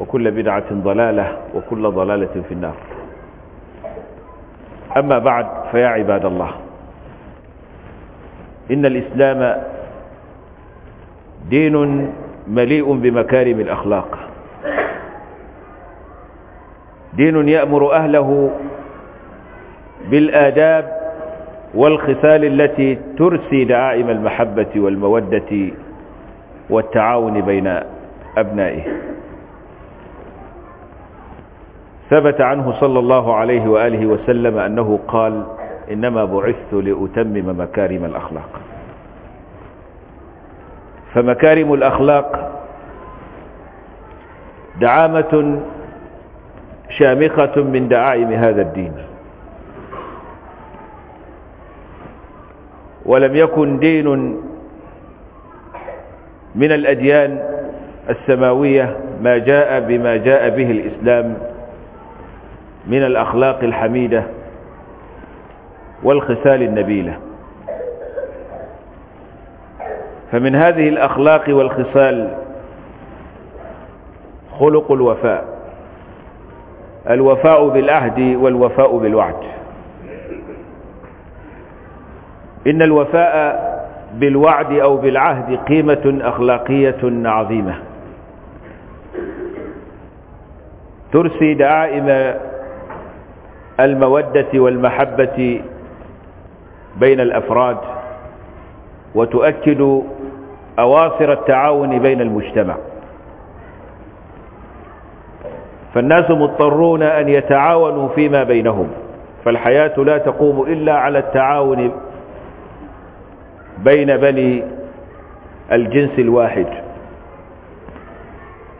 وكل بدعة ضلالة وكل ضلالة في النار أما بعد فيا عباد الله إن الإسلام دين مليء بمكارم الأخلاق دين يأمر أهله بالآداب والخصال التي ترسي دعائم المحبة والمودة والتعاون بين أبنائه ثبت عنه صلى الله عليه وآله وسلم أنه قال إنما بعثت لأتمم مكارم الأخلاق فمكارم الأخلاق دعامة شامخة من دعائم هذا الدين ولم يكن دين من الأديان السماوية ما جاء بما جاء به الإسلام من الأخلاق الحميدة والخسال النبيلة فمن هذه الأخلاق والخصال خلق الوفاء الوفاء بالعهد والوفاء بالوعد إن الوفاء بالوعد أو بالعهد قيمة أخلاقية عظيمة ترسي دعائم المودة والمحبة بين الأفراد وتؤكد أواصر التعاون بين المجتمع فالناس مضطرون أن يتعاونوا فيما بينهم فالحياة لا تقوم إلا على التعاون بين بني الجنس الواحد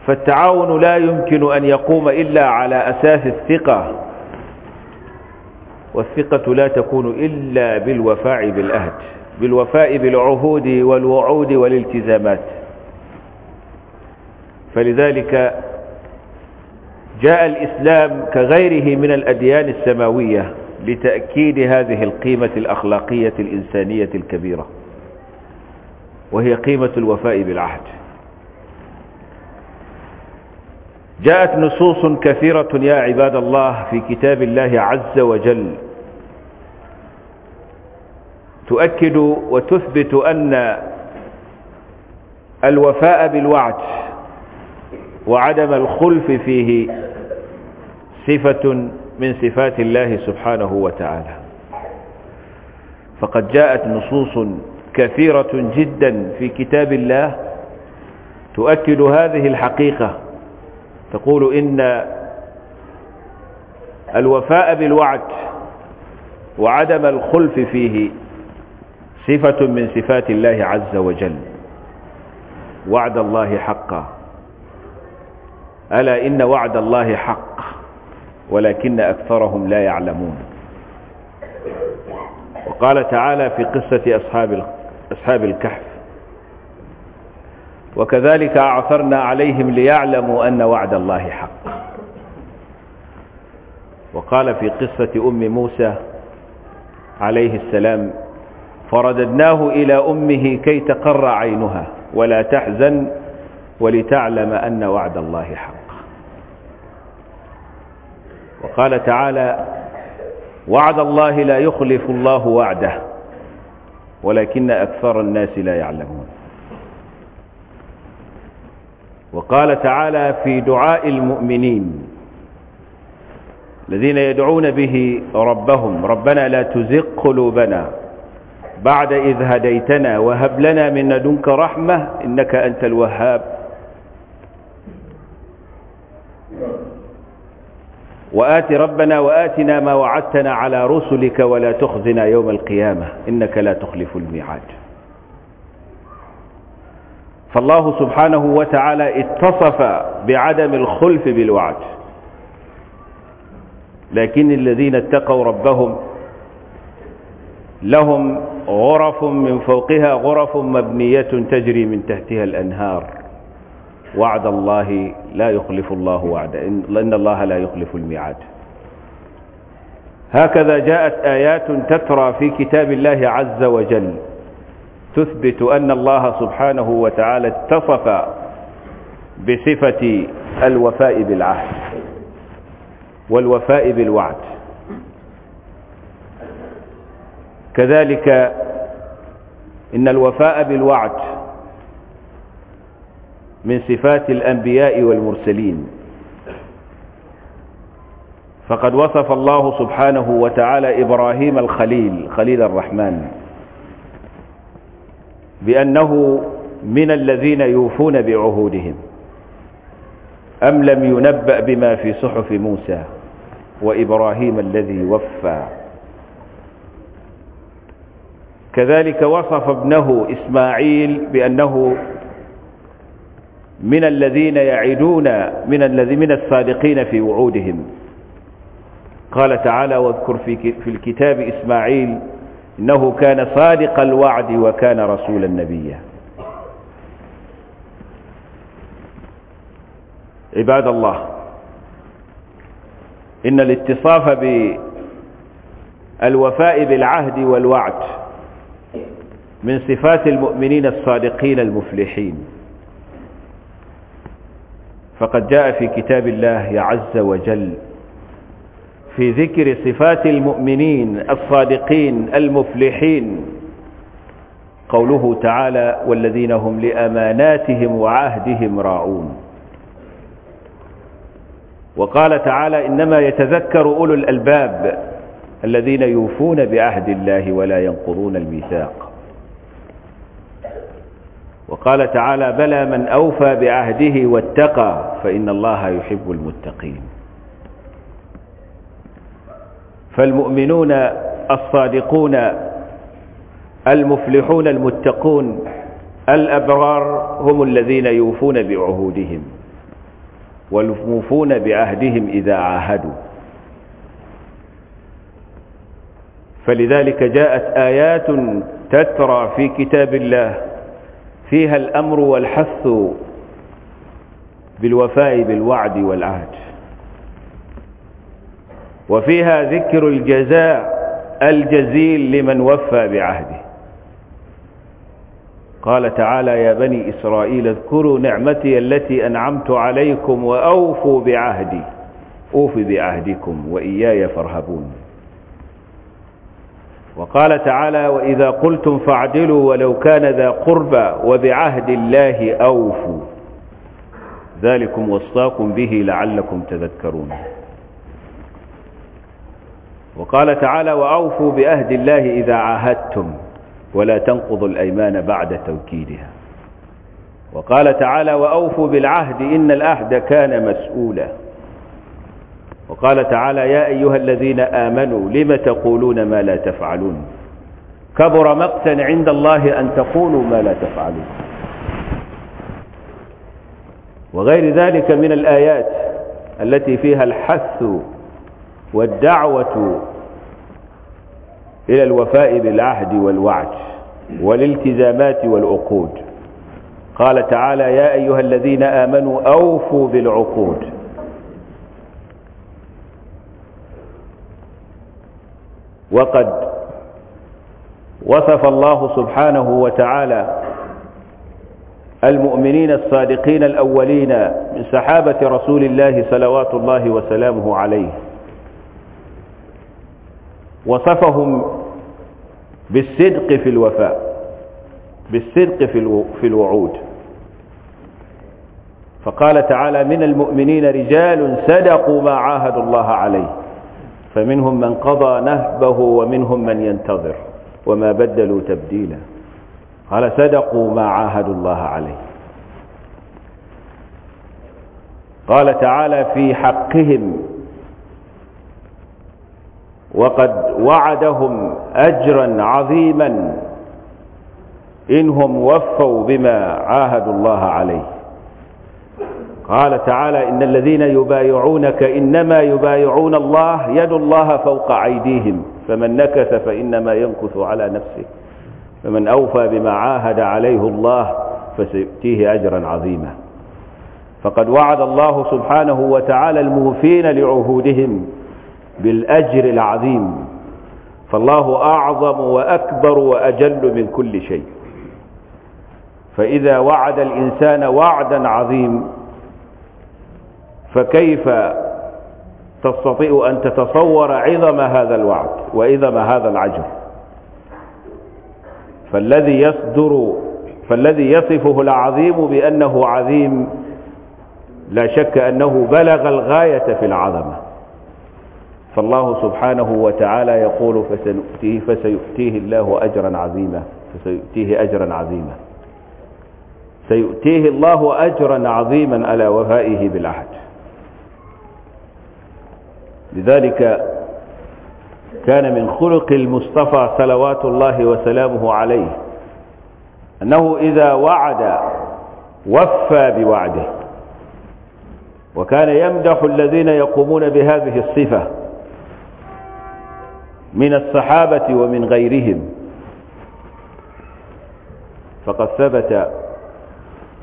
فالتعاون لا يمكن أن يقوم إلا على أساس الثقة والثقة لا تكون إلا بالوفاء بالأهد بالوفاء بالعهود والوعود والالتزامات فلذلك جاء الإسلام كغيره من الأديان السماوية لتأكيد هذه القيمة الأخلاقية الإنسانية الكبيرة وهي قيمة الوفاء بالعهد جاءت نصوص كثيرة يا عباد الله في كتاب الله عز وجل تؤكد وتثبت أن الوفاء بالوعد وعدم الخلف فيه صفة من صفات الله سبحانه وتعالى فقد جاءت نصوص كثيرة جدا في كتاب الله تؤكد هذه الحقيقة تقول إن الوفاء بالوعد وعدم الخلف فيه صفة من صفات الله عز وجل وعد الله حقا ألا إن وعد الله حق ولكن أكثرهم لا يعلمون وقال تعالى في قصة أصحاب, أصحاب الكهف وكذلك أعثرنا عليهم ليعلموا أن وعد الله حق وقال في قصة أم موسى عليه السلام فرددناه إلى أمه كي تقر عينها ولا تحزن ولتعلم أن وعد الله حق وقال تعالى وعد الله لا يخلف الله وعده ولكن أكثر الناس لا يعلمون وقال تعالى في دعاء المؤمنين الذين يدعون به ربهم ربنا لا تزغ قلوبنا بعد إذ هديتنا وهب لنا من لدنك رحمة إنك أنت الوهاب وآت ربنا وآتنا ما وعدتنا على رسلك ولا تخزنا يوم القيامة إنك لا تخلف الميعاد فالله سبحانه وتعالى اتصف بعدم الخلف بالوعد لكن الذين اتقوا ربهم لهم غرف من فوقها غرف مبنية تجري من تحتها الأنهار وعد الله لا يخلف الله وعد إن الله لا يخلف الميعاد هكذا جاءت آيات تترى في كتاب الله عز وجل تثبت أن الله سبحانه وتعالى اتصف بصفة الوفاء بالعهد والوفاء بالوعد كذلك إن الوفاء بالوعد من صفات الأنبياء والمرسلين فقد وصف الله سبحانه وتعالى إبراهيم الخليل خليل الرحمن بأنه من الذين يوفون بعهودهم أم لم ينبأ بما في صحف موسى وإبراهيم الذي وفى كذلك وصف ابنه إسماعيل بأنه من الذين يعدون من من الصادقين في وعودهم قال تعالى واذكر في الكتاب إسماعيل إنه كان صادق الوعد وكان رسولا نبيا عباد الله إن الاتصاف بالوفاء بالعهد والوعد من صفات المؤمنين الصادقين المفلحين فقد جاء في كتاب الله عز وجل في ذكر صفات المؤمنين الصادقين المفلحين قوله تعالى والذين هم لأماناتهم وعهدهم راعون وقال تعالى إنما يتذكر أولو الألباب الذين يوفون بعهد الله ولا ينقضون الميثاق وقال تعالى بلى من أوفى بعهده واتقى فإن الله يحب المتقين فالمؤمنون الصادقون المفلحون المتقون الأبرار هم الذين يوفون بعهودهم والموفون بعهدهم إذا عاهدوا فلذلك جاءت آيات تترى في كتاب الله فيها الأمر والحث بالوفاء بالوعد والعهد وفيها ذكر الجزاء الجزيل لمن وفى بعهده قال تعالى يا بني إسرائيل اذكروا نعمتي التي أنعمت عليكم وأوفوا بعهدي أوف بعهدكم وإياي فارهبون وقال تعالى وإذا قلتم فاعدلوا ولو كان ذا قربى وبعهد الله أوفوا ذلكم وصاكم به لعلكم تذكرون وقال تعالى وأوفوا بأهد الله إذا عاهدتم ولا تنقضوا الأيمان بعد توكيدها وقال تعالى وأوفوا بالعهد إن العهد كان مسؤولا وقال تعالى يا أيها الذين آمنوا لم تقولون ما لا تفعلون كبر مقتا عند الله أن تقولوا ما لا تفعلون وغير ذلك من الآيات التي فيها الحث والدعوة إلى الوفاء بالعهد والوعد والالتزامات والعقود قال تعالى يا أيها الذين آمنوا أوفوا بالعقود وقد وصف الله سبحانه وتعالى المؤمنين الصادقين الأولين من صحابة رسول الله صلوات الله وسلامه عليه وصفهم بالصدق في الوفاء بالصدق في الوعود فقال تعالى من المؤمنين رجال صدقوا ما عاهدوا الله عليه فمنهم من قضى نهبه ومنهم من ينتظر وما بدلوا تبديلا قال صدقوا ما عاهدوا الله عليه قال تعالى في حقهم وقد وعدهم أجرا عظيما إنهم وفوا بما عاهدوا الله عليه قال تعالى إن الذين يبايعونك إنما يبايعون الله يد الله فوق أيديهم فمن نكث فإنما ينكث على نفسه فمن أوفى بما عاهد عليه الله فسيؤتيه أجرا عظيما فقد وعد الله سبحانه وتعالى الموفين لعهودهم بالأجر العظيم فالله أعظم وأكبر وأجل من كل شيء فإذا وعد الإنسان وعدا عظيم فكيف تستطيع أن تتصور عظم هذا الوعد وعظم هذا العجر فالذي يصدر فالذي يصفه العظيم بأنه عظيم لا شك أنه بلغ الغاية في العظمة فالله سبحانه وتعالى يقول فسنؤتيه فسيؤتيه الله أجرا عظيما فسيؤتيه أجرا عظيما سيؤتيه الله أجرا عظيما على وفائه بالعهد لذلك كان من خلق المصطفى صلوات الله وسلامه عليه أنه إذا وعد وفى بوعده وكان يمدح الذين يقومون بهذه الصفة من الصحابة ومن غيرهم فقد ثبت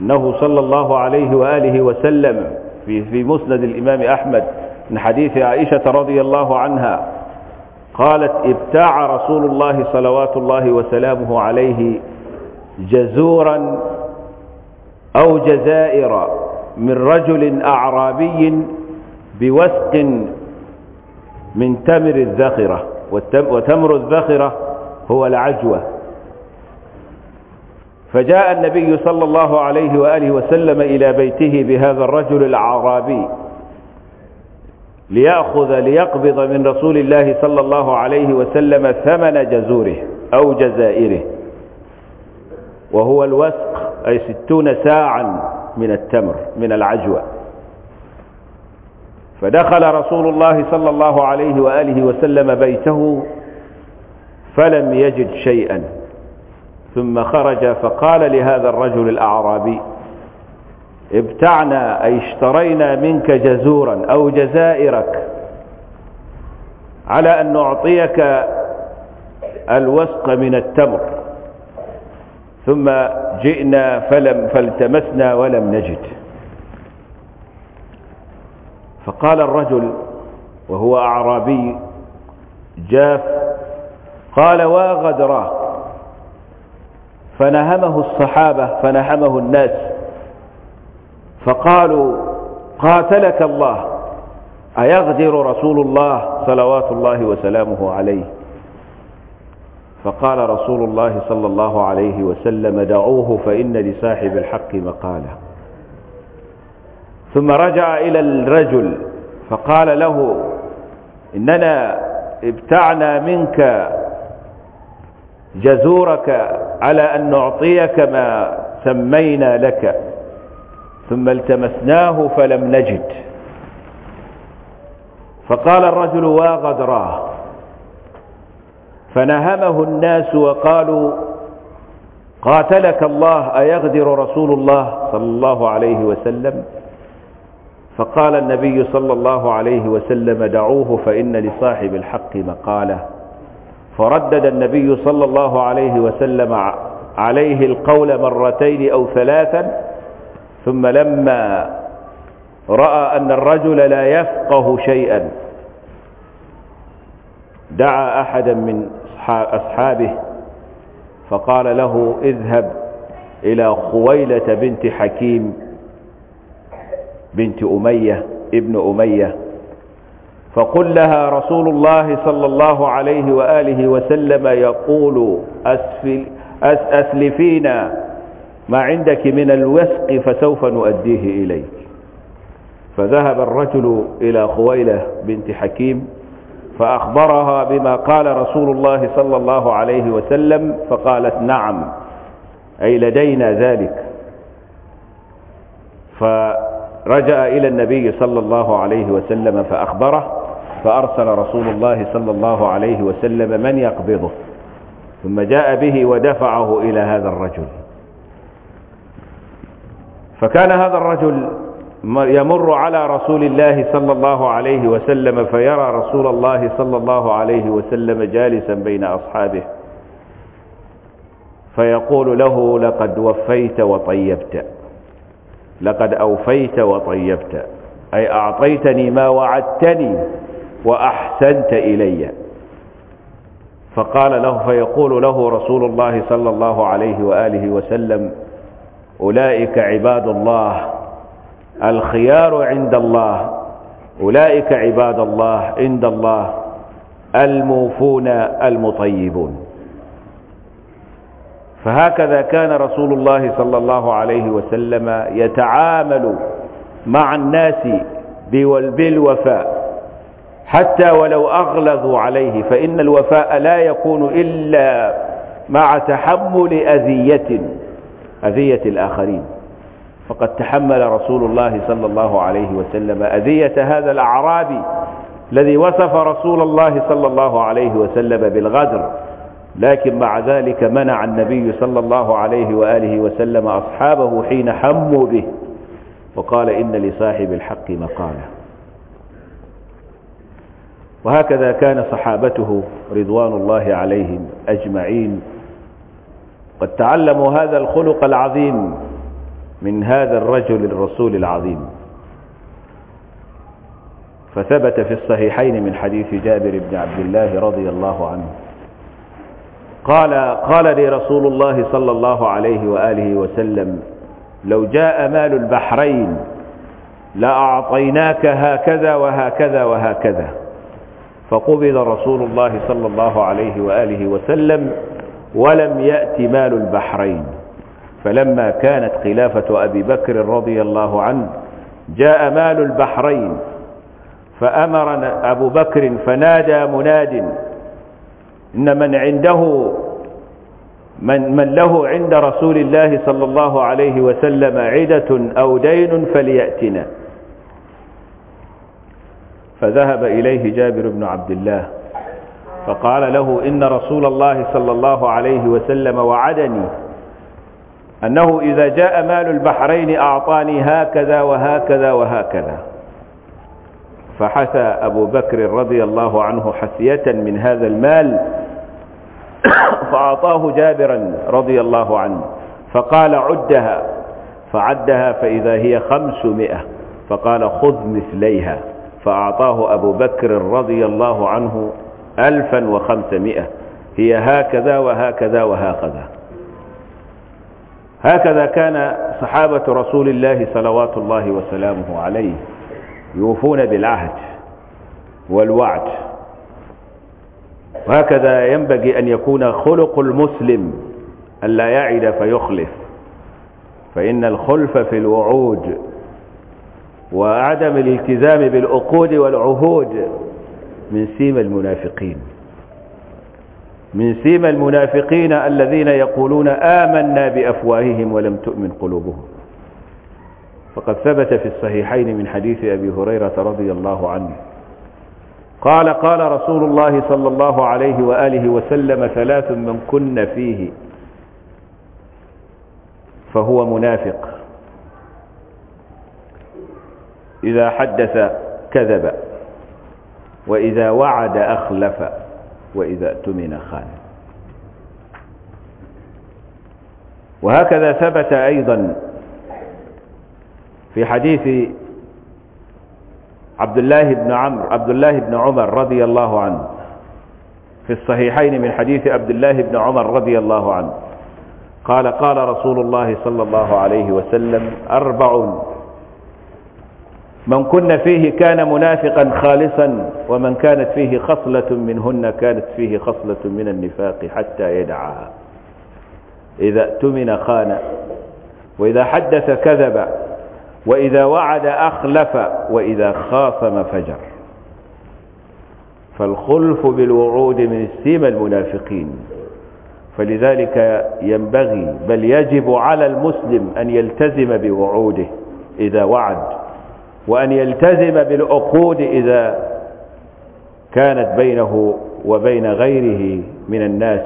أنه صلى الله عليه وآله وسلم في, في مسند الإمام أحمد من حديث عائشة رضي الله عنها قالت ابتاع رسول الله صلوات الله وسلامه عليه جزورا أو جزائر من رجل أعرابي بوسق من تمر الذخره وتمر الذخرة هو العجوة فجاء النبي صلى الله عليه وآله وسلم إلى بيته بهذا الرجل العرابي ليأخذ ليقبض من رسول الله صلى الله عليه وسلم ثمن جزوره أو جزائره وهو الوسق أي ستون ساعا من التمر من العجوة فدخل رسول الله صلى الله عليه وآله وسلم بيته فلم يجد شيئا ثم خرج فقال لهذا الرجل الأعرابي ابتعنا أي اشترينا منك جزورا أو جزائرك على أن نعطيك الوسق من التمر ثم جئنا فلم فالتمسنا ولم نجد فقال الرجل وهو أعرابي جاف قال واغدراك فنهمه الصحابة فنهمه الناس فقالوا قاتلك الله أيغدر رسول الله صلوات الله وسلامه عليه فقال رسول الله صلى الله عليه وسلم دعوه فإن لصاحب الحق مقاله ثم رجع إلى الرجل فقال له إننا ابتعنا منك جزورك على أن نعطيك ما سمينا لك ثم التمسناه فلم نجد فقال الرجل واغدراه فنهمه الناس وقالوا قاتلك الله أيغدر رسول الله صلى الله عليه وسلم؟ فقال النبي صلى الله عليه وسلم دعوه فإن لصاحب الحق مقالة فردد النبي صلى الله عليه وسلم عليه القول مرتين أو ثلاثا ثم لما رأى أن الرجل لا يفقه شيئا دعا أحدا من أصحابه فقال له اذهب إلى خويلة بنت حكيم بنت أمية ابن أمية فقل لها رسول الله صلى الله عليه وآله وسلم يقول أسفل أس أسلفينا ما عندك من الوسق فسوف نؤديه إليك فذهب الرجل إلى خويلة بنت حكيم فأخبرها بما قال رسول الله صلى الله عليه وسلم فقالت نعم أي لدينا ذلك فأخبرها رجع إلى النبي صلى الله عليه وسلم فأخبره فأرسل رسول الله صلى الله عليه وسلم من يقبضه ثم جاء به ودفعه إلى هذا الرجل فكان هذا الرجل يمر على رسول الله صلى الله عليه وسلم فيرى رسول الله صلى الله عليه وسلم جالسا بين أصحابه فيقول له لقد وفيت وطيبت لقد أوفيت وطيبت أي أعطيتني ما وعدتني وأحسنت إلي فقال له فيقول له رسول الله صلى الله عليه وآله وسلم أولئك عباد الله الخيار عند الله أولئك عباد الله عند الله الموفون المطيبون فهكذا كان رسول الله صلى الله عليه وسلم يتعامل مع الناس بالوفاء حتى ولو أغلظوا عليه فإن الوفاء لا يكون إلا مع تحمل أذية أذية الآخرين فقد تحمل رسول الله صلى الله عليه وسلم أذية هذا الأعرابي الذي وصف رسول الله صلى الله عليه وسلم بالغدر لكن مع ذلك منع النبي صلى الله عليه وآله وسلم أصحابه حين حموا به وقال إن لصاحب الحق مقالة وهكذا كان صحابته رضوان الله عليهم أجمعين قد تعلموا هذا الخلق العظيم من هذا الرجل الرسول العظيم فثبت في الصحيحين من حديث جابر بن عبد الله رضي الله عنه قال قال لي رسول الله صلى الله عليه وآله وسلم لو جاء مال البحرين لأعطيناك هكذا وهكذا وهكذا فقبض رسول الله صلى الله عليه وآله وسلم ولم يأت مال البحرين فلما كانت خلافة أبي بكر رضي الله عنه جاء مال البحرين فأمر أبو بكر فنادى مناد إن من عنده من, من له عند رسول الله صلى الله عليه وسلم عدة أو دين فليأتنا فذهب إليه جابر بن عبد الله فقال له إن رسول الله صلى الله عليه وسلم وعدني أنه إذا جاء مال البحرين أعطاني هكذا وهكذا وهكذا فحثى أبو بكر رضي الله عنه حثية من هذا المال فأعطاه جابرا رضي الله عنه فقال عدها فعدها فإذا هي خمسمائة فقال خذ مثليها فأعطاه أبو بكر رضي الله عنه ألفا وخمسمائة هي هكذا وهكذا وهكذا هكذا كان صحابة رسول الله صلوات الله وسلامه عليه يوفون بالعهد والوعد وهكذا ينبغي أن يكون خلق المسلم ألا يعد فيخلف فإن الخلف في الوعود وعدم الالتزام بالعقود والعهود من سيم المنافقين من سيم المنافقين الذين يقولون آمنا بأفواههم ولم تؤمن قلوبهم فقد ثبت في الصحيحين من حديث أبي هريرة رضي الله عنه قال قال رسول الله صلى الله عليه وآله وسلم ثلاث من كن فيه فهو منافق إذا حدث كذب وإذا وعد أخلف وإذا اؤتمن خان وهكذا ثبت أيضا في حديث عبد الله بن عمرو عبد الله بن عمر رضي الله عنه في الصحيحين من حديث عبد الله بن عمر رضي الله عنه قال قال رسول الله صلى الله عليه وسلم أربع من كن فيه كان منافقا خالصا ومن كانت فيه خصلة منهن كانت فيه خصلة من النفاق حتى يدعها إذا اؤتمن خان وإذا حدث كذب وإذا وعد أخلف وإذا خاصم فجر فالخلف بالوعود من سيما المنافقين فلذلك ينبغي بل يجب على المسلم أن يلتزم بوعوده إذا وعد وأن يلتزم بالعقود إذا كانت بينه وبين غيره من الناس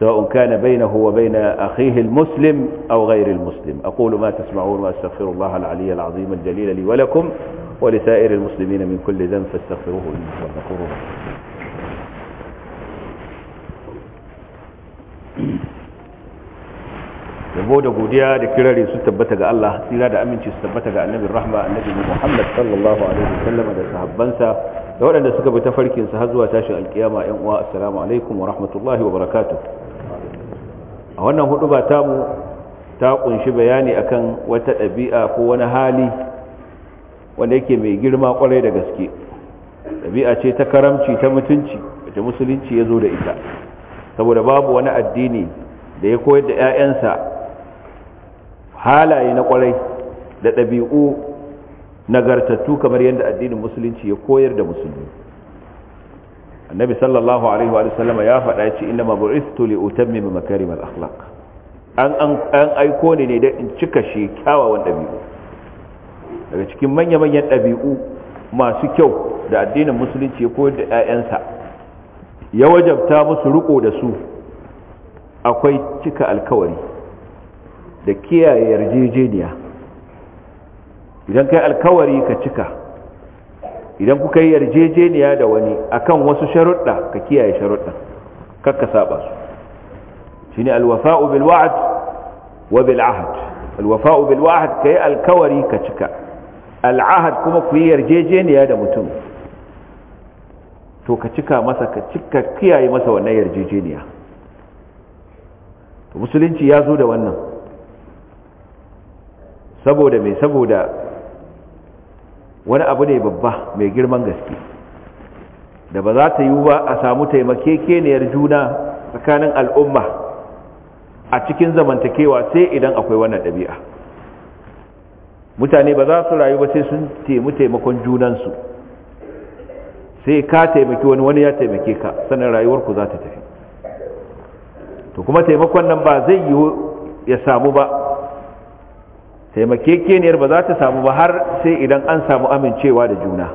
سواء كان بينه وبين أخيه المسلم أو غير المسلم أقول ما تسمعون وأستغفر الله العلي العظيم الجليل لي ولكم ولسائر المسلمين من كل ذنب فاستغفروه إنه ونقره يبود قوديا لكرري ستبتك الله سيراد أمين ستبتك النبي الرحمة النبي محمد صلى الله عليه وسلم لسهب بنسى لولا أن سكب تفركي سهزوا تاشا الكيامة السلام عليكم ورحمة الله وبركاته a wannan hudu ba tamu ta kunshi bayani akan wata ɗabi'a ko wani hali wanda yake mai girma kwarai da gaske ɗabi'a ce ta karamci ta mutunci da musulunci ya zo da ita saboda babu wani addini da ya koyar da 'ya'yansa halaye na kwarai da ɗabi'u nagartattu kamar yadda addinin musulunci ya koyar da musulmi annabi sallallahu alaihi wa sallama ya faɗa ce inna ma bu'istu li utammima makarim al-akhlaq an an aiko ne ne da in cika shi kyawawan dabi'u daga cikin manya manyan dabi'u masu kyau da addinin musulunci ya koyar da ƴaƴansa ya wajabta musu riko da su akwai cika alkawari da kiyaye yarjejeniya idan kai alkawari ka cika idan kuka yi yarjejeniya da wani akan wasu sharuɗa ka kiyaye sharuɗa kakka saba su shine alwafa'u bil wa'd wa bil ahd alwafa'u bil wa'd kai alkawari ka cika al ahd kuma ku yi yarjejeniya da mutum to ka cika masa ka cika kiyaye masa wannan yarjejeniya musulunci ya zo da wannan saboda mai saboda wani abu ne babba mai girman gaske da ba za ta yi ba a samu taimakekeniyar juna tsakanin al'umma a cikin zamantakewa sai idan akwai wannan ɗabi'a mutane ba za su rayu ba sai sun taimu taimakon junansu sai ka taimaki wani wani ya taimake ka sannan rayuwarku za ta tafi to kuma taimakon nan ba zai yi ya samu ba taimakekeniyar ba za ta samu ba har sai idan an samu amincewa da juna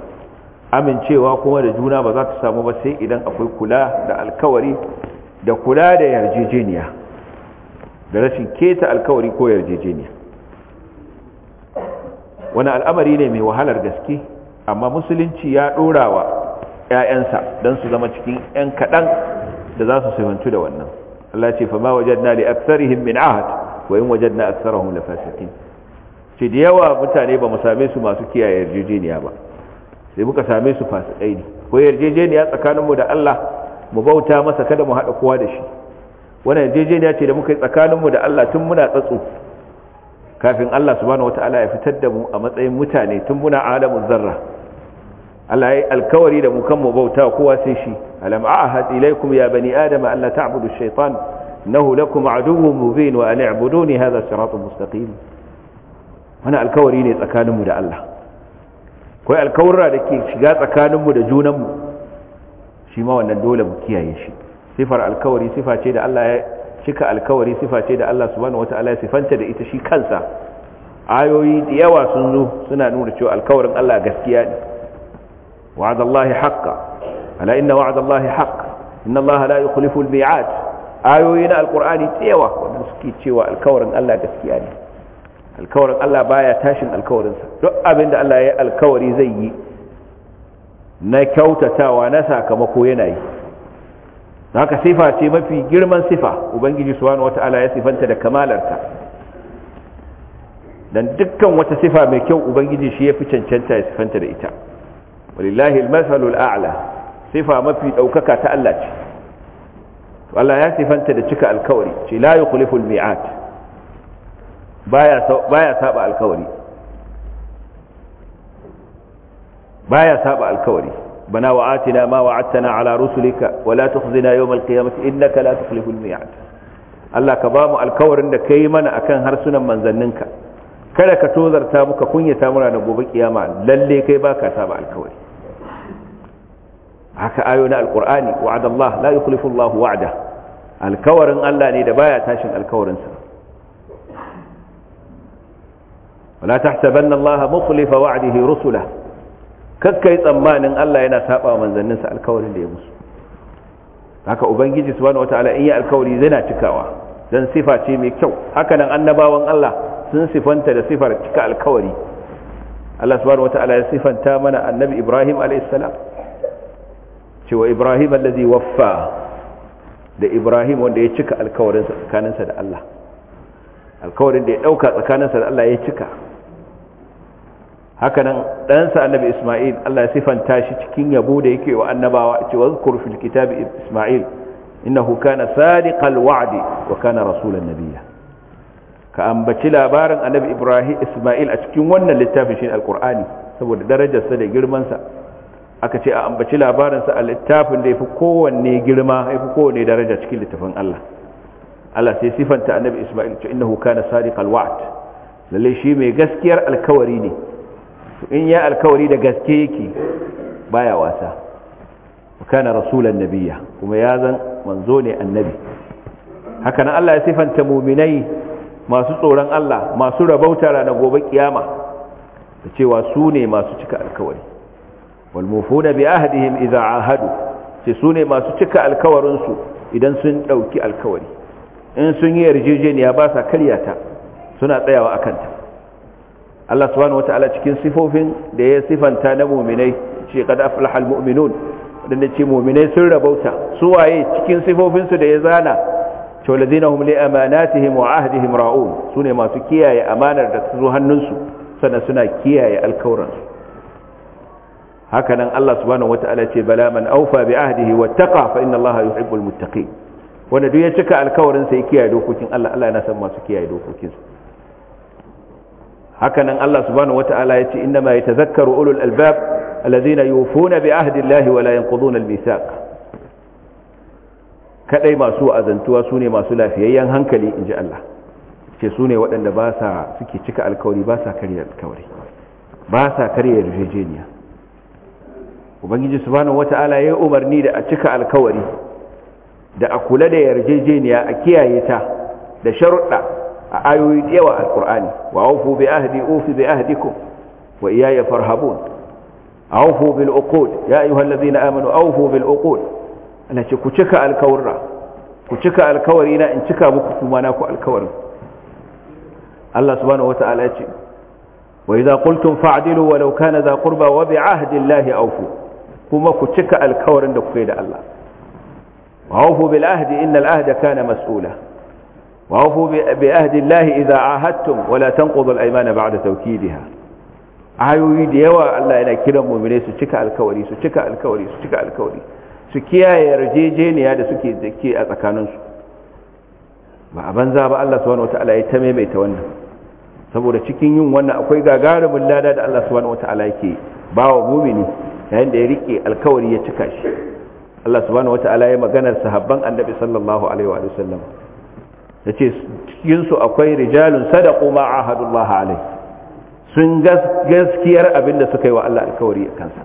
amincewa kuma da juna ba za ta samu ba sai idan akwai kula da alkawari da kula da yarjejeniya da rashin keta alkawari ko yarjejeniya wani al'amari ne mai wahalar gaske amma musulunci ya ɗora wa 'ya'yansa don su zama cikin 'yan kaɗan da za su sifantu da wannan Allah ce fa ma na li min ahad wa in wajadna aktharahum lafasiqin ce da yawa mutane ba mu same su masu kiyaye yarjejeniya ba sai muka same su fasikai ne ko yarjejeniya tsakaninmu da Allah mu bauta masa kada mu haɗa kowa da shi wannan yarjejeniya ce da muka yi tsakaninmu da Allah tun muna tsatso kafin Allah subhanahu wataala ya fitar da mu a matsayin mutane tun muna alamun zarra Allah ya yi alkawari da mu kan mu bauta kowa sai shi alam a'ahad ilaykum ya bani adama alla ta'budu ash-shaytan innahu lakum aduwwun mubin wa an i'buduni hadha siratun mustaqim wani alkawari ne tsakaninmu da Allah kawai alkawarra da ke shiga tsakaninmu da junanmu shi ma wannan dole mu kiyaye shi sifar alkawari sifa ce da Allah ya cika alkawari sifa ce da Allah subhanahu wata'ala ya sifanta da ita shi kansa ayoyi da yawa sun zo suna nuna cewa alkawarin Allah gaskiya ne wa'adallahi haqqa ala inna wa'adallahi haqq inna Allah la yukhlifu al-mi'ad ayoyi na alqur'ani da yawa wanda suke cewa alkawarin Allah gaskiya ne alkawarin Allah baya tashin alkawarinsa duk abin da Allah ya yi alkawari zai yi na kyautatawa na sakamako yana yi haka sifa ce mafi girman sifa ubangiji subhanahu wata'ala ya sifanta da kamalarta dan dukkan wata sifa mai kyau ubangiji shi ya fi cancanta ya sifanta da ita walillahi almasalul a'la sifa mafi daukaka ta Allah ce Allah ya sifanta da cika alkawari ce la yukhlifu almi'at baya saba alkawari baya saba alkawari bana wa'atina ma wa'adtana ala rusulika wala tukhzina yawmal qiyamati innaka la tukhliful mi'ad Allah ka ba mu alkawarin da kai mana akan harsunan manzanninka kada ka tozarta muka kunyata mura na gobe kiyama lalle kai baka saba alkawari haka ayo na alqur'ani wa'ada la yukhlifu Allah wa'da alkawarin Allah ne da baya tashin alkawarinsa wala tahsabanna allaha mukhlifa wa'dihi rusula kakkai tsammanin Allah yana saba manzannin sa alkawarin da ya musu haka ubangiji subhanahu wataala in ya alkawari zai cikawa dan sifa ce mai kyau haka nan annabawan Allah sun sifanta da sifar cika alkawari Allah subhanahu wataala ya sifanta mana annabi Ibrahim alayhis salam cewa Ibrahim allazi waffa da Ibrahim wanda ya cika alkawarinsa tsakaninsa da Allah alkawarin da ya ɗauka tsakaninsa da Allah ya cika hakanan ɗansa annabi isma'il Allah ya sifanta shi cikin yabo da yake wa annabawa a wa zukur fil kitabi isma'il innahu kana sadiqal wa'di wa kana rasulan nabiyya ka ambaci labarin annabi ibrahim isma'il a cikin wannan littafin shi alqur'ani saboda darajarsa da girmansa aka ce a ambaci labarinsa a littafin da ya fi kowanne girma ya fi kowanne daraja cikin littafin Allah Allah sai sifanta annabi Isma'il na innahu kana sadiqal wa'd lalle shi mai gaskiyar alkawari ne in ya alkawari da gaske yake baya wasa kana rasulan nabiyya kuma ya zan manzo ne annabi haka nan Allah ya sifanta mu'minai masu tsoron Allah masu rabauta ranar gobe kiyama da cewa su ne masu cika alkawari wal mufuna bi ahdihim idza ahadu ce su ne masu cika alkawarin su idan sun dauki alkawari in sun yi yarjejeniya ba sa karyata ta suna tsayawa a kanta Allah subhanahu wata'ala cikin sifofin da ya sifanta na muminai ce kad aflaha almu'minun wadanda ce muminai sun rabauta su waye cikin sifofin su da ya zana to ladina hum li amanatihim wa ahdihim ra'un sune masu kiyaye amanar da su hannun hannunsu sannan suna kiyaye alkawransu hakanan Allah subhanahu wata'ala ce bala man aufa bi ahdihi wattaqa fa inna Allaha yuhibbul muttaqin wanda duk ya cika alkawarin sai kiyaye dokokin Allah Allah yana san masu kiyaye dokokin haka nan Allah subhanahu wata'ala ya ce innama yatazakkaru ulul albab alladhina yufuna bi ahdi Allahi wa la yanquduna al-mithaq kadai masu azantuwa sune masu lafiyayyen hankali inji Allah ce sune waɗanda ba sa suke cika alkawari ba sa karya alkawari ba sa karya yarjejeniya ubangiji subhanahu wata'ala ya umarni da a cika alkawari da a kula da yarjejeniya a kiyaye ta da sharuɗa a ayoyi da yawa alqur'ani wa awfu bi ahdi ufi ahadi ku? wa iya ya farhabun awfu bil uqud ya ayyuhallazina amanu awfu bil uqud Na ce ku cika alkawarra ku cika alkawari na in cika muku kuma na ku alkawarin Allah subhanahu wata'ala ta'ala ce wa idza qultum fa'dilu walau kana za qurba wa bi ahdi Allah awfu kuma ku cika alkawarin da kuke da Allah وأوفوا بالعهد إن العهد كان مسؤولا وأوفوا بعهد الله إذا عاهدتم ولا تنقضوا الأيمان بعد توكيدها ayoyi da yawa Allah yana kiran muminai su cika alkawari su cika alkawari su cika alkawari su kiyaye yarjejeniya da suke dake a tsakaninsu ba a banza ba Allah subhanahu wataala ya ta maimaita wannan saboda cikin yin wannan akwai gagarumin lada da Allah subhanahu wataala yake ba wa mumini yayin da ya rike alkawari ya cika shi Allah subhanahu wata'ala ya maganar sahabban annabi sallallahu alaihi wa sallam yace cikin su akwai rijalun sadaqu ma ahadullah alaihi sun gaskiyar abinda suka yi wa Allah alkawari kansa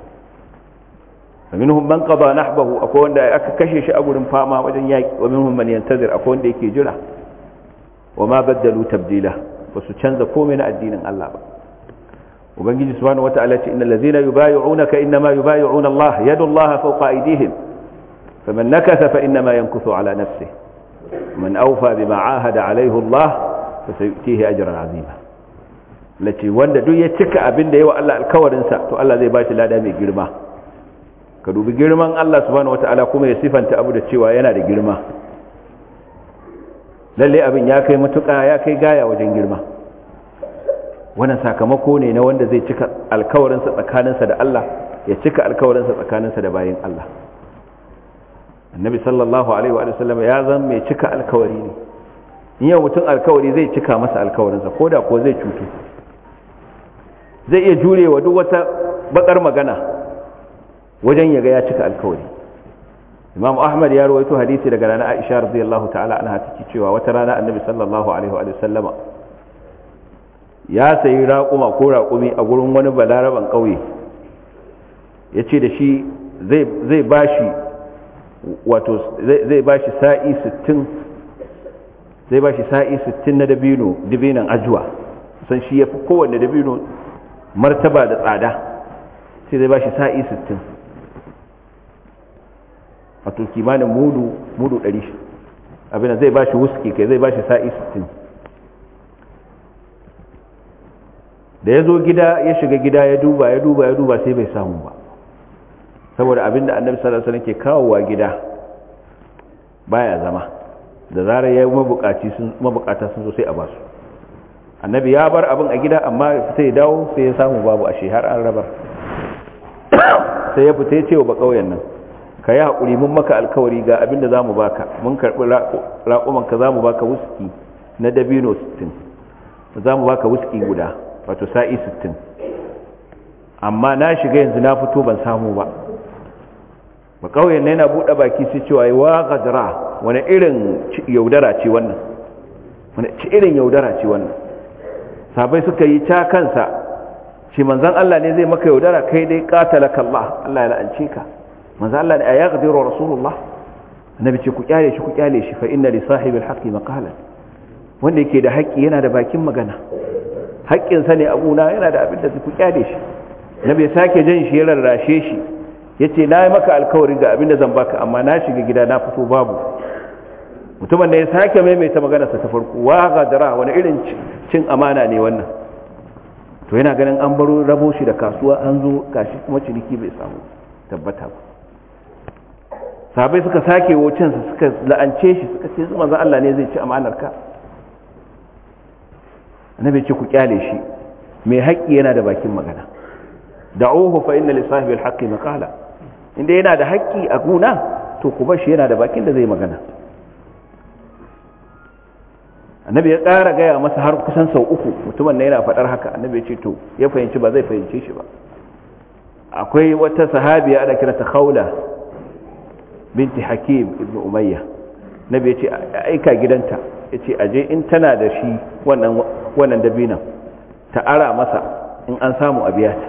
minhum man qada nahbahu akwai wanda aka kashe shi a gurin fama wajen yaki wa minhum man yantazir akwai wanda yake jira wa ma baddalu tabdila su canza komai na addinin Allah ba ubangiji subhanahu wataala ce innal ladzina yubayyi'unaka inma yubayyi'una Allah yadu Allah fawqa aydihim فمن نكث فإنما ينكث على نفسه من أوفى بما عاهد عليه الله فسيؤتيه أجرا عظيما التي wanda duk ya cika abin da yawa Allah alkawarinsa to Allah zai bashi lada mai girma ka dubi girman Allah subhanahu wataala kuma ya sifanta abu da cewa yana da girma Lallai abin ya kai matuƙa ya kai gaya wajen girma wannan sakamako ne na wanda zai cika alkawarinsa tsakaninsa da Allah ya cika alkawarinsa tsakaninsa da bayan Allah annabi sallallahu alaihi wa sallam ya zan mai cika alkawari ne in yau mutum alkawari zai cika masa alkawarinsa ko da ko zai cutu zai iya jurewa duk wata bakar magana wajen ya ga ya cika alkawari imam ahmad ya rawaito hadisi daga rana aisha radiyallahu ta'ala anha take cewa wata rana annabi sallallahu alaihi wa sallama ya sayi raƙuma ko raƙumi a gurin wani balaraban ƙauye ya ce da shi zai bashi. wato zai ba shi sa'i 60 zai ba shi sa'i 60 na dabino dabinan ajuwa san shi yafi kowanne dabino martaba da tsada sai zai ba shi sa'i 60 wato kimanin mudu mudu 100 abin zai ba shi wuski kai zai ba shi sa'i 60 da ya zo gida ya shiga gida ya duba ya duba ya duba sai bai samu ba saboda abinda annabi sallallahu alaihi wasallam ke kawowa gida baya zama da zarar yayi mabukaci sun mabukata sun zo sai a basu annabi ya bar abin a gida amma sai ya dawo sai ya samu babu ashe har an rabar sai ya fita ya ce wa nan ka yi haƙuri mun maka alkawari ga abin da zamu baka mun karɓi raƙumanka za mu baka wuski na dabino 60 za mu baka wuski guda wato sa'i 60 amma na shiga yanzu na fito ban samu ba ba kauyen na yana buɗe baki sai cewa wa gadara wani irin yaudara ce wannan wani irin yaudara ce wannan sabai suka yi ta kansa shi manzan Allah ne zai maka yaudara kai dai katalaka Allah Allah ya la'ance ka manzan Allah ne a ya gadiru rasulullah annabi ce ku kyale shi ku kyale shi fa inna li sahibil haqqi maqalan wanda yake da haƙƙi yana da bakin magana haƙƙinsa ne abuna yana da abin da ku kyale shi nabi ya sake jan shi ya rarrashe shi ya ce na yi maka alkawari ga abin da zan baka amma na shiga gida na fito babu mutumin da ya sake maimaita maganarsa ta farko wa gadara wani irin cin amana ne wannan to yana ganin an baro rabo shi da kasuwa an zo gashi kuma ciniki bai samu tabbata ba sabai suka sake su suka la'ance shi suka ce zuma za Allah ne zai ci amanar ka annabi ce ku kyale shi mai haƙƙi yana da bakin magana da'uhu fa inna li sahibil haqqi maqala inda yana da haƙƙi a guna to kuma shi yana da bakin da zai magana annabi ya ƙara gaya masa har kusan sau uku mutumin na yana faɗar haka annabi ya ce to ya fahimci ba zai fahimci shi ba akwai wata sahabiya ana ta khaula binti hakim ibn umayya nabi ya ce aika gidanta ya ce aje in tana da shi wannan dabinan ta ara masa in an samu a biya ta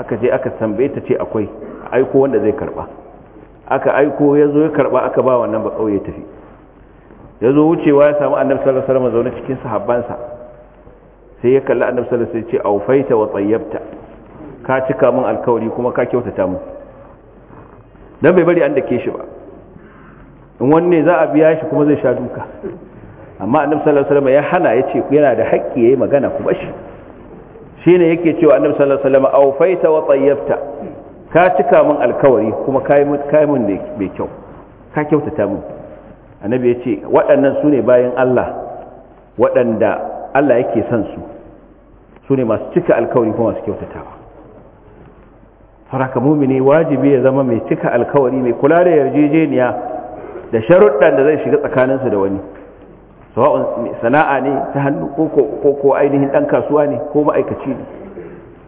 aka je aka tambaye ta ce akwai aiko wanda zai karba aka aiko ya zo ya karba aka ba wannan ba kauye tafi ya zo wucewa ya samu annabi sallallahu alaihi wasallam zaune cikin sahabbansa sai ya kalli annabi sallallahu alaihi wasallam ya ce awfaita wa tayyabta ka cika min alkawari kuma ka kyautata min dan bai bari an dake shi ba in wanne za a biya shi kuma zai sha duka amma annabi sallallahu alaihi wasallam ya hana ya ce yana da haƙƙi yayi magana ku bashi shine yake cewa annabi sallallahu alaihi wasallam awfaita wa tayyabta ka cika min alkawari kuma ka yi min mai kyau ka kyautata min annabi ya ce waɗannan su ne bayan Allah waɗanda Allah yake son su su ne masu cika alkawari kuma masu kyautatawa faraka mumini wajibi ya zama mai cika alkawari mai kula da yarjejeniya da sharuɗan da zai shiga tsakaninsa da wani sana'a ne ta hannu ko ainihin ɗan kasuwa ne ko ma'aikaci ne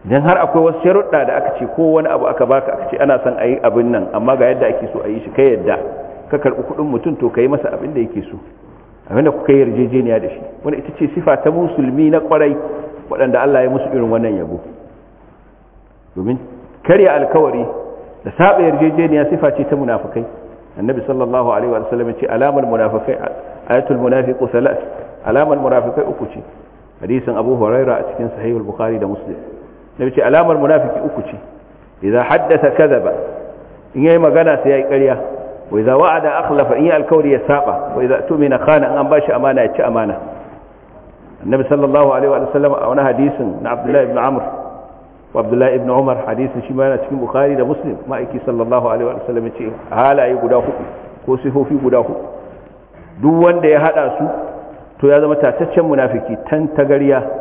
dan har akwai wasu sharuɗa da aka ce ko wani abu aka baka aka ce ana son a yi abin nan amma ga yadda ake so a yi shi ka yadda ka karɓi kuɗin mutum to ka yi masa abin da yake so abin da kuka yi yarjejeniya da shi wani ita ce sifa ta musulmi na kwarai waɗanda Allah ya musu irin wannan yabo domin karya alkawari da saba yarjejeniya sifa ce ta munafikai annabi sallallahu alaihi wa sallam ya ce alamar munafikai ayatul munafiqu thalath alamar munafikai uku ce hadisin abu huraira a cikin sahihul bukhari da muslim da ce alamar munafiki uku ce idza haddatha kadhaba in yayi magana sai yayi ƙarya wa idza wa'ada akhlafa in yi alkawari ya saba wa idza tumina khana an ba shi amana ya ci amana annabi sallallahu alaihi wa sallam a wani hadisin na abdullahi ibn amr wa abdullahi ibn umar hadisin shi ma yana cikin bukhari da muslim ma'aiki sallallahu alaihi wa sallam ya ce halaye guda hudu ko sifofi guda hudu duk wanda ya hada su to ya zama tataccen munafiki tan gariya.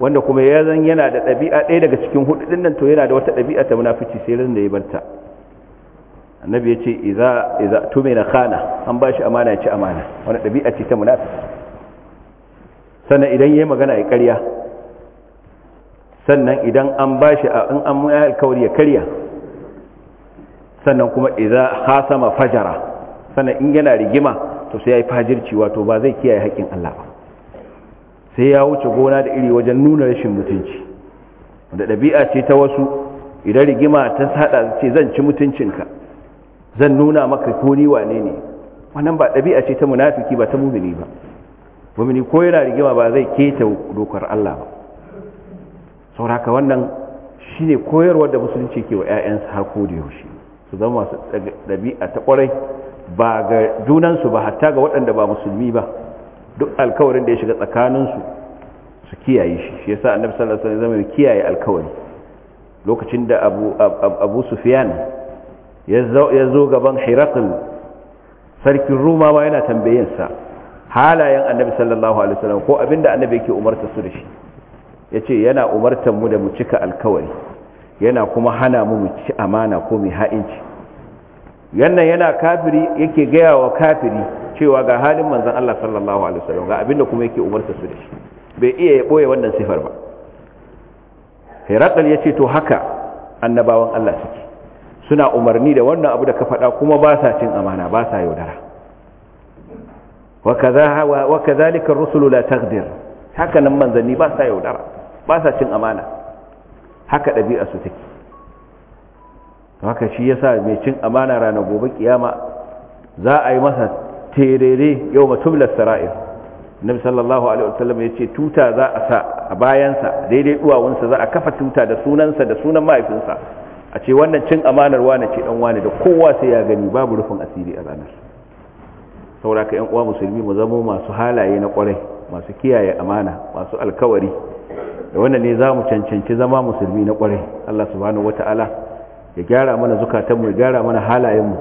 wanda kuma ya zan yana da ɗabi'a ɗaya daga cikin hudu nan to yana da wata ɗabi'a ta munafici sai ran da ya barta annabi ya ce iza iza tumina khana an ba shi amana ya ci amana wani ɗabi'a ce ta munafici sannan idan ya yi magana ya ƙarya sannan idan an ba shi in an mu alkawari ya ƙarya sannan kuma iza hasama fajara sannan in yana rigima to sai ya yi fajirci wato ba zai kiyaye haƙƙin Allah ba sai ya wuce gona da iri wajen nuna rashin mutunci da ɗabi'a ce ta wasu idan rigima ta sada ce zan ci mutuncinka zan nuna maka ko ni wane ne wannan ba ɗabi'a ce ta munafiki ba ta mumini ba mumini ko yana rigima ba zai keta dokar Allah ba sauraka wannan shine koyarwar da musulunci ke wa 'ya'yansa har ko da yaushe su zama masu ɗabi'a ta ƙwarai ba ga junansu ba hatta ga waɗanda ba musulmi ba duk alkawarin da ya shiga tsakaninsu su kiyaye shi shi yasa annabi sallallahu alaihi wasallam ya kiyaye alkawari lokacin da abu abu sufyan ya zo gaban hirakul sarkin roma ma yana tambayinsa halayen annabi sallallahu alaihi wasallam ko abinda annabi yake umarta su da shi yace yana umartar mu da mu cika alkawari yana kuma hana mu mu ci amana ko mu ha'inci yannan yana kafiri yake gaya wa kafiri cewa ga halin manzan Allah sallallahu alaihi wasallam ga abinda kuma yake umarta su da shi bai iya ya boye wannan sifar ba Herakal ya ce to haka annabawan Allah suke suna umarni da wannan abu da ka faɗa kuma ba sa cin amana ba sa yaudara wa ka ar-rusulu la taqdir haka nan manzanni ba sa yaudara ba sa cin amana haka ɗabi'a su take haka shi yasa mai cin amana ranar gobe kiyama za a yi masa terere yau matublar sara'ir nabi sallallahu alaihi wasallam ya ce tuta za a sa a bayansa daidai duwawunsa za a kafa tuta da sunansa da sunan mahaifinsa a ce wannan cin amanar wane ce dan wane da kowa sai ya gani babu rufin asiri a ranar sauraka yan uwa musulmi mu zamo masu halaye na kwarai masu kiyaye amana masu alkawari da wannan ne za mu cancanci zama musulmi na kwarai Allah subhanahu wataala ya gyara mana zukatanmu ya gyara mana halayenmu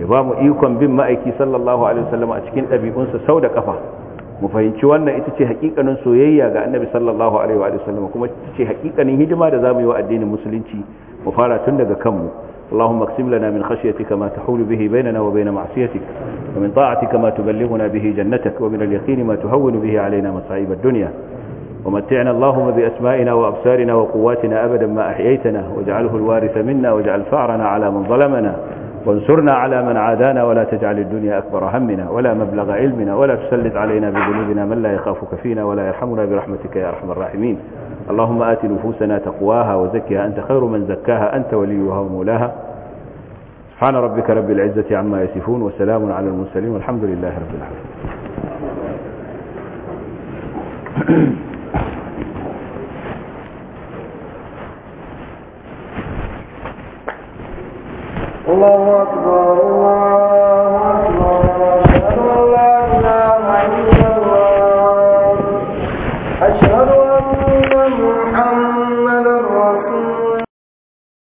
ya ba mu ikon bin ma'aiki sallallahu alaihi wasallam a cikin ɗabi'unsa sau da kafa mu fahimci wannan ita ce hakikanin soyayya ga annabi sallallahu alaihi kuma ita ce hakikanin hidima da zamu yi wa addinin musulunci mu fara tun daga kanmu اللهم اقسم لنا من خشيتك ما تحول به بيننا وبين معصيتك ومن طاعتك ما تبلغنا به جنتك ومن اليقين ما تهون به علينا مصائب الدنيا ومتعنا اللهم بأسمائنا وأبصارنا وقواتنا أبدا ما أحييتنا واجعله الوارث منا واجعل فعرنا على من ظلمنا وانصرنا على من عادانا ولا تجعل الدنيا أكبر همنا ولا مبلغ علمنا ولا تسلط علينا بذنوبنا من لا يخافك فينا ولا يرحمنا برحمتك يا أرحم الراحمين اللهم آت نفوسنا تقواها وزكها أنت خير من زكاها أنت وليها ومولاها سبحان ربك رب العزة عما يصفون وسلام على المرسلين والحمد لله رب العالمين الله أكبر الله